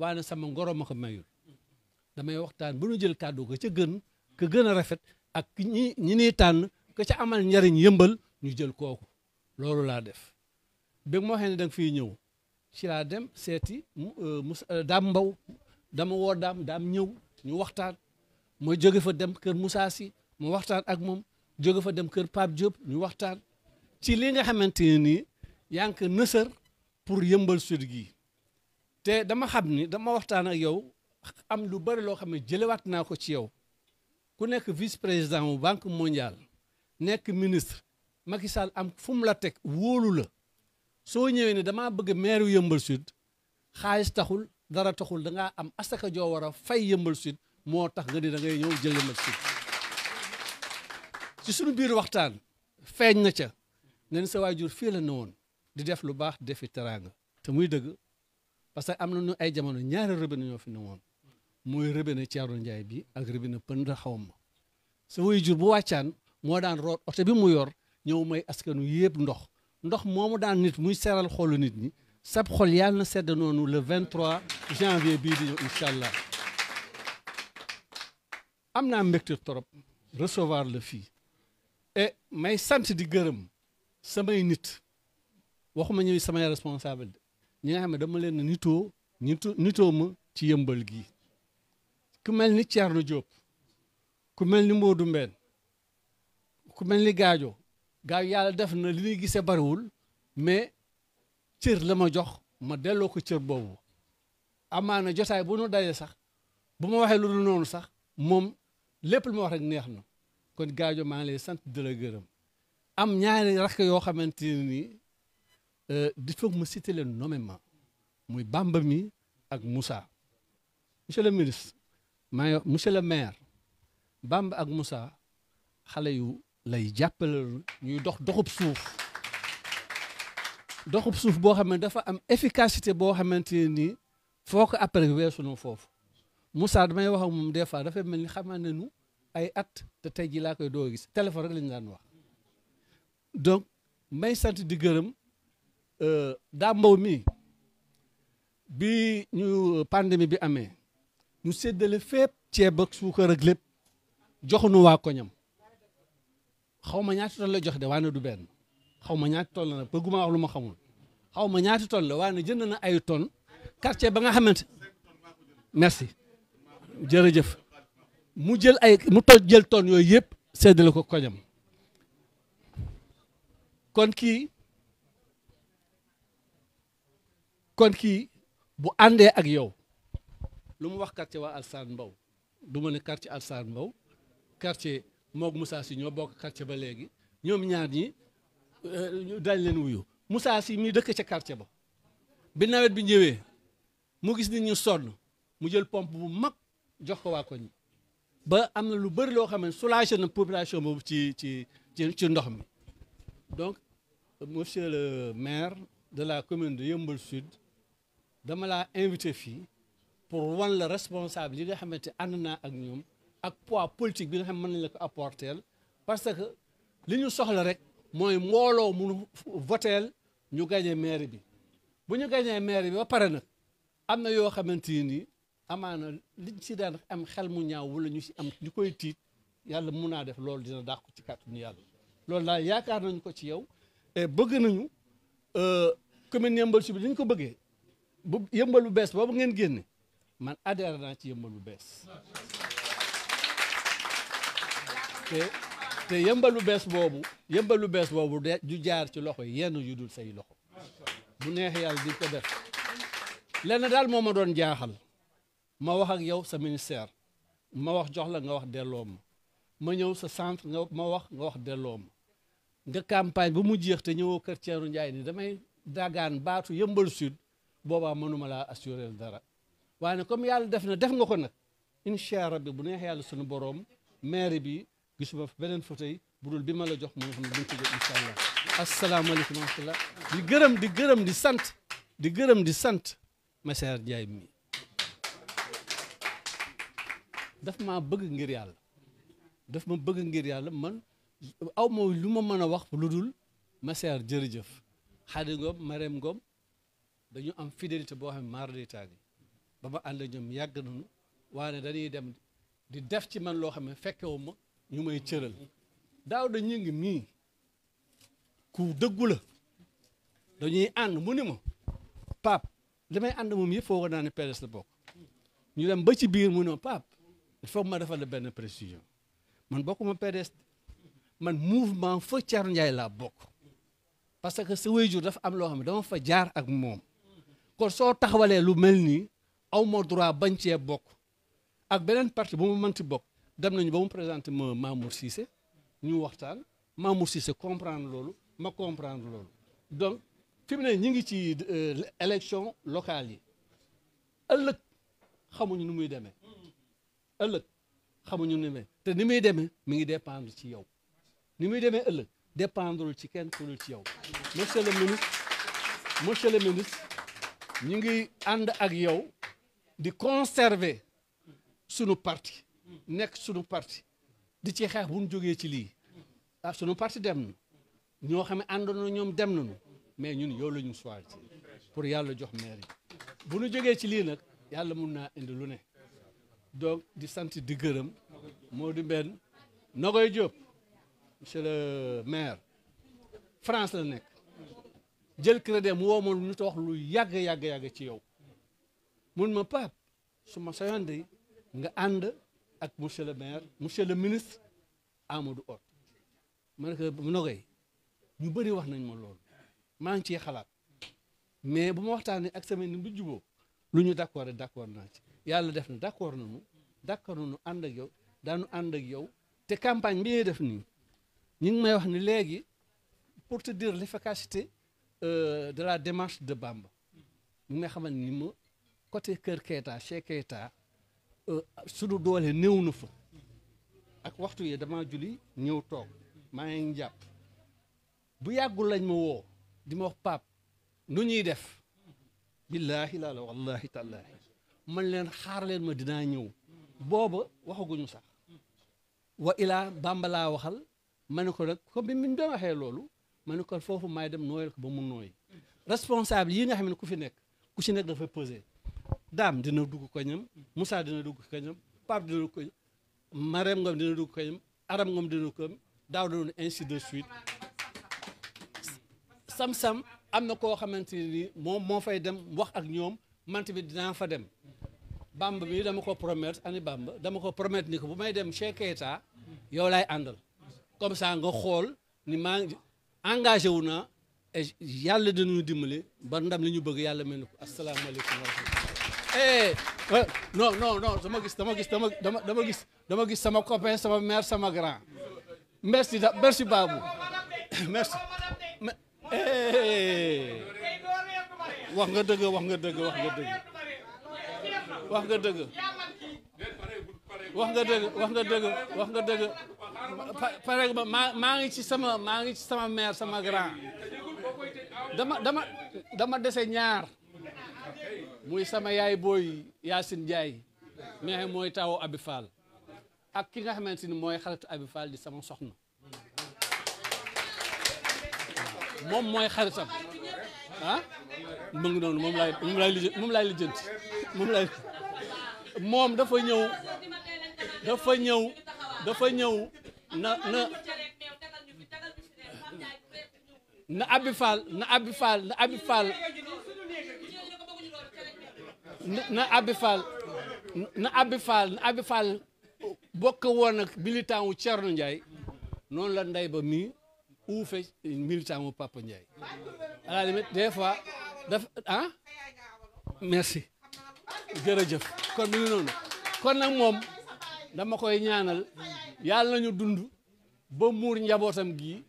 waane sama ngoro ma ko mayul damay waxtaan bu nu jël kàddu ko ca gën ka gën a rafet ak ñi ñi ñuy tànn ka ca amal njariñ yëmbal ñu jël kooku loolu laa def bi moo xam ne da nga ñëw ci laa dem seeti mus euh, euh, daam mbaw dama woo daam daam ñëw ñu waxtaan ma jóge fa dem kër Moussa Sy mu waxtaan ak moom jóge fa dem kër Pape Diop ñu waxtaan ci li nga xamante ne nii yaa ngi nësër pour yëmbal sud gii te dama xam ni dama waxtaan ak yow am lu bari loo xam ne jëlewaat naa ko ci yow ku nekk vice président wu banque mondiale nekk ministre Macky Sall am fu mu la teg wóolu la soo ñëwee ne damaa bëgg maire yëmbal sud xaalis taxul dara taxul da ngaa am asaka joo war a fay yëmbal sud moo tax nga ni dangay ñëw jël yëmbal sud ci sunu biir waxtaan feeñ na ca nga ni sa waajur fii la ne woon di def lu baax defi teraanga te muy dëgg parce que am na nañu ay jamono ñaari robinet ñoo fi ne woon mooy robinet Thierno Ndiaye bi ak robinet Pënd xaw ma sa way jur bu wàccaan moo daan root oto bi mu yor ñëw may askanu yëpp ndox ndox moomu daan nit muy seeral xoolu nit ñi sab xol yàlla na sedd noonu le 23 janvier bii di ñëw incha allah am naa mbégte trop recevoir la fii et may sant di gërëm samay nit waxuma ñuy samay responsable ñi nga xam ne dama leen ne nitoo nitoo ma ci yëmbal gi ku mel ni Thierno Diop ku mel ni Modou Mbène ku mel ni Gaajo gaaw yàlla def na li ñuy gisee bariwul mais cër la ma jox ma delloo ko cër boobu amaana jotaay bu nu dajee sax bu ma waxee lu dul noonu sax moom lépp lu ma wax rek neex na kon Gaajo maa ngi lay sant di gërëm am ñaari rakk yoo xamante nii di euh, faut ma citer leen nommément muy Bamba mi ak Moussa monsieur le ministre maa monsieur le maire Bamba ak Moussa xale yu lay jàppale ñuy dox doxub suuf doxub suuf boo xam ne dafa am efficacité boo xamante nii foo ko après weesu na foofu Moussa damay wax ak moom des fois dafay mel ni xamaa nañu ay at te tey jii laa koy doo gis téléphone rek lañu daan wax donc may sant di gërëm. Euh, daa mbaw mi bi ñu euh, pandémie bi amee ñu séddale fépp ceeb ak suukar ak lépp joxuñu waa koñam xaw ma ñaati toll la jox de waane du benn xaw ma ñaati toll la bëgguma wax lu ma xamul xaw ma ñaati toll la waane jënd na ay tonnes quartier ba nga xamante merci jërëjëf mu jël ay mu toj jël tonnes yooyu yëpp séddale ko koñam kon kii kon kii bu àndee ak yow lu mu wax quartier waa Alassane Mbow du ma ne quartier Alassane Mbow quartier moog Moussa Sy ñoo bokk quartier ba léegi ñoom ñaar ñi euh, dañ leen wuyo Moussa Sy mi dëkk ci quartier ba bi nawet bi ñëwee mu gis nit ñu sonn mu jël pompe bu mag jox ko waa koñ ba am na lu bëri loo xam ne soulagé na population boobu ci ci ci ndox mi donc monsieur le maire de la commune de Yeumbeul Sud dama laa invité fii pour wan la responsable yi nga xamante ànd naa ak ñoom ak pois politique bi nga xam mën nañ la ko apporteel parce que li ñu soxla rek mooy mbooloo munu voteel ñu gañee maire bi bu ñu gañee maire bi ba pare nag am na yoo xamante ni amaana liñ si daan am xel mu ñaaw wala ñu si am ñu koy tiit yàlla mun naa def loolu dina dàq ci kàttanu yàlla loolu daal yaakaar nañu ko ci yow et bëgg nañu euh, commune Yeumbeul Sud bi dañ ko bëggee bu yëmbal bu bees boobu ngeen génne man adhéré naa ci yëmbal bu bees te yëmbal bu bees boobu yëmbal bu bees boobu de du jaar ci loxo yenn yu dul say loxo mu neex yàlla di ko def lenn daal moo ma doon jaaxal ma wax ak yow sa ministère ma wax jox la nga wax delloo ma ma ñëw sa centre nga ma wax nga wax delloom ma nga campagne bu mu jeex te ñëwoo kër Thierno Ndiaye ni damay dagaan baatu yëmbal sud boobaa mënuma laa assuré dara waaye ne comme yàlla def na def nga ko nag incha rabbi bu neex yàlla sunu boroom maire bi gisuma beneen fauteuil bu dul bi ma la jox moo xam ne duñ ko jox allah asalaamaaleykum wa rahmatulah di gërëm di gërëm di sant di gërëm di sant Massaer Ndiaye mi daf maa bëgg ngir yàlla daf ma bëgg ngir yàlla man aw ma lu ma mën a wax lu dul Massaer jërëjëf Xadi Ngom Marème Ngom dañu am fidélité boo xam ne maar day taal ba ma ànd ak ñoom yàgg nañu waaye dañuy dem di def ci man loo xam ne fekkewu ma ñu may cëral daaw da ñu ngi mii ku dëggu la dañuy ànd mu ni ma Pape li may ànd moom yëpp foog naa ne PDS la bokk ñu dem ba ci biir mu ne ma Pape il ma defal la benn précision man bokkuma PDS man mouvement fa Thierno Ndiaye laa bokk parce que sa waajur dafa am loo xam ne dama fa jaar ak moom kon soo taxawalee lu mel nii aw ma droit bañ cee bokk ak beneen parti bu mu mënti bokk dem nañu ba mu présenté ma Mamour Cissé ñu waxtaan Mamour Cissé comprendre loolu ma comprendre loolu donc fi mu ne ñi ngi ci euh, élection locale yi ëllëg xamuñu nu muy demee ëllëg xamuñu nu ni muy demee mi ngi dépendre ci yow ni muy demee ëllëg dépendreul ci kenn ku dul ci yow monsieur le ministre monsieur le ministre ñu ngi ànd ak yow di conserver sunu parti nekk sunu parti di ci xeex bu ñu jógee ci lii ah sunu parti dem na ñoo xam ne àndoon na ñoom dem nañu mais ñun yow lañu ñu choisir pour yàlla jox maire yi bu ñu jógee ci lii nag yàlla mun naa indi lu ne donc di sant di gërëm moo di benn Nogoy Diop monsieur le maire France la nekk jël crédit mu woo ma lu nit wax lu yàgg yàgg yàgg ci yow mun ma Pape su ma sayoon nga ànd ak monsieur le maire monsieur le ministre Amadou Hott ma ne mu Nogay ñu bëri wax nañ ma loolu maa ngi ciy xalaat mais bu ma waxtaanee ak semaine bu juboo lu ñu d' accord d' accord naa ci yàlla def na d' accord nañu d' accord nu ànd ak yow daanu ànd ak yow te campagne bi ñuy def nii ñu ngi may wax ni léegi pour te dire l' Euh, de la démarche de Bamba mi nga xamante ni ma côté Kër Keita chez Keita euh, suñu doole néew na fa ak waxtu yi dama julli ñëw toog maa ngi bu yàggul lañ ma woo di ma wax pap nu ñuy def billaahi laa la wallahi tallaahi man leen xaar leen ma dinaa ñëw booba waxaguñu sax wa ilaa Bamba laa waxal ma ne ko nag comme bi mu doon waxee loolu ma ne kon foofu may dem nooyal ko ba mu nooy responsable yi nga xam ne ku fi nekk ku si nekk dafa posé daam dina dugg ko ñam Moussa dina dugg ko ñam ko ñam Marème Ngom dina dugg ko ñam Aram Ngom dina suite sam-sam am na koo xamante ni moom moo fay dem wax ak ñoom man tamit dinaa fa dem bamba bi dama ko promettre ani bamba dama ko promettre ni bu may dem Cheikh Keita yow laay àndal comme ça nga xool ni maa engagé wu na yàlla dinañu dimbali ba ndam li ñu bëgg yàlla mel ni ko asalaamaaleykum wa rahmatulah. Eh, dama gis dama gis dama gis dama gis sama copain sama mer sama grand merci da merci Babou eh, wax nga dëgg nga dëgg wax nga dëgg wax nga dëgg wax nga dëgg wax nga dëgg wax nga dëgg. par exemple maa maa ngi ci sama maa ngi ci sama mère sama grand dama dama dama dese ñaar muy sama yaay booy Yacine Ndiaye mi nga xam mooy taaw Abi Fall ak ki nga xamante ni mooy xaritu Abi Fall di sama soxna moom mooy xaritam ah mu ngi noonu moom laay moom laay lijjanti moom dafa ñëw dafa ñëw dafa ñëw na na na Abi na Abi na Abi na Abi na Abi bokk woon ak militant wu Thierno Ndiaye noonu la ndey ba mii uufe militant wu Papa Ndiaye à la limite fois daf ah merci jërëjëf kon mi ngi noonu kon nag moom dama koy ñaanal yàlla nañu dund ba muur njabootam gii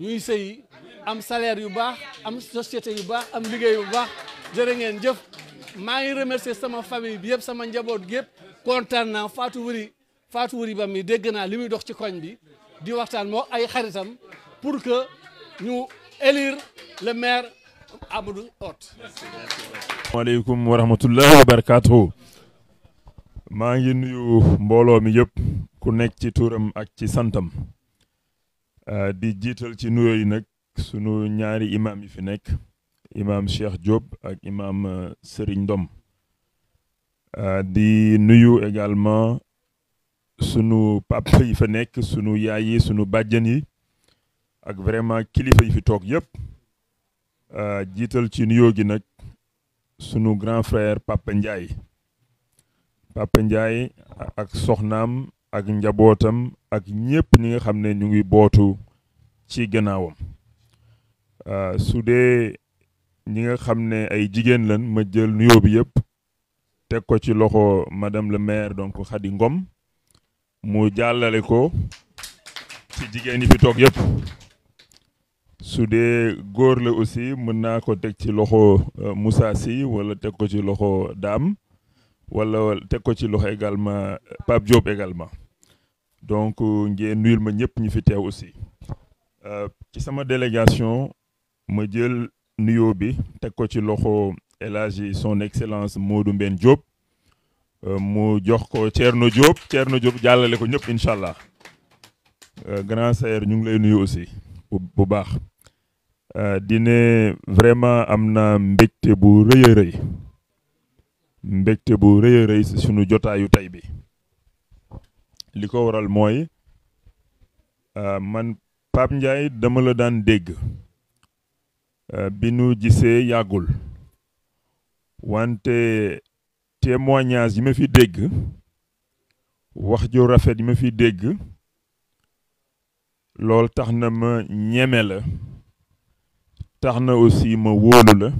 ñuy sëy am salaire yu baax am société yu baax am liggéey yu baax jërë ngeen jëf maa ngi remercier sama famille bi yëpp sama njaboot gi yëpp kontaan naa Fatou Wuri Fatou Wuri ba mi dégg naa li muy dox ci koñ bi di waxtaan moo ay xaritam pour que ñu élire le maire Amadou ot waaleykum wa rahmatullahi wa barakatuhu maa ngi nuyu mbooloo mi yëpp ku nekk ci tuuram ak ci santam euh, di jiital ci nuyoo yi nag sunu ñaari imaam yi fi nekk imaam Cheikh Diop ak imaam euh, Serigne Ndom euh, di nuyu également sunu papa yi fa nekk sunu yaay yi sunu bàjjan yi ak vraiment kilifa yi fi toog yëpp jiital ci nuyoo gi nag sunu grand frère Papa Ndiaye. Papa Ndiaye ak soxnaam ak njabootam ak ñëpp ñi nga xam ne ñu ngi bootu ci gannaawam euh, su dee ñi nga xam ne ay jigéen lan ma jël nuyoo bi yëpp teg ko ci loxo madame le maire donc xadi Ngom mu jàllale ko ci jigéen yi fi toog yëpp sudee dee góor la aussi mën naa ko teg ci loxo euh, Moussa Sy wala teg ko ci loxo daam wala teg ko ci loxo également Pape Diop également donc ngeen nuyul ma ñëpp ñu fi teew aussi euh, ci sama délégation ma jël nuyo bi teg ko ci loxo El son excellence Modou Mbène Diop euh, mu jox ko no Thierno Diop Thierno Diop jàllale ko ñëpp incha allah euh, grand saer ñu ngi lay nuyu aussi bu baax di ne vraiment am na mbégte bu rëy rëy mbégte bu rëy rëy si sunu jotaayu tey bi li ko waral mooy euh, man Pape njaay dama la daan dégg euh, bi nu gisee yàggul wante témoignage yi ma fi dégg wax ju rafet yi ma fi dégg loolu tax na ma ñeme la tax na aussi ma wóolu la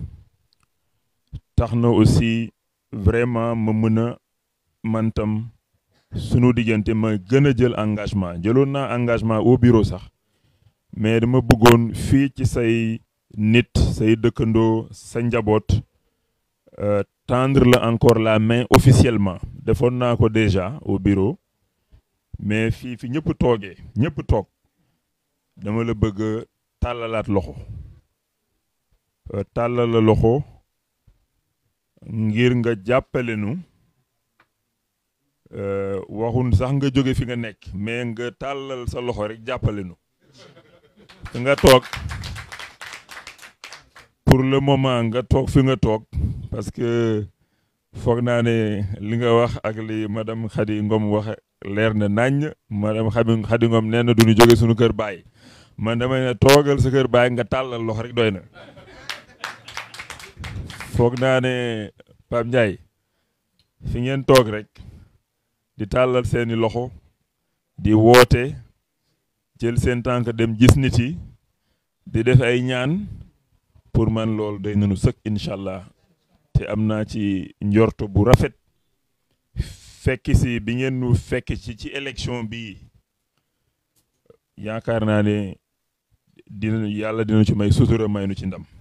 tax na aussi vraiment ma mën a man sunu diggante ma gën a jël engagement jëloon naa engagement au bureau sax mais dama bëggoon fii ci say nit say dëkkandoo sa njaboot euh, tendre la encore la mais officiellement defoon naa ko déjà au bureau mais fii fi ñëpp toogee ñëpp toog dama la bëgg tàllalaat loxo euh, tàllal loxo ngir nga jàppale nu euh, waxun sax nga jóge fi nga nekk mais nga tàllal sa loxo rek jàppale nu nga toog pour le moment nga toog fi nga toog parce que foog naa ne li nga wax ak li madame Khady Ngom waxe leer na nàññ naññ madame Khady Ngom nee na du jóge suñu kër baay man damay ne toogal sa kër baay nga tàllal loxo rek doy na foog naa ne Pape Ndiaye fi ngeen toog rek di tàllal seeni loxo di woote jël seen tànk dem gis nit yi di def ay ñaan pour man lool day nanu sëkk incha allah te am naa ci njorto bu rafet fekki si bi ngeen nu fekk ci ci élection bi yaakaar naa ne dina yàlla dina ci may sutura maynu ci ndam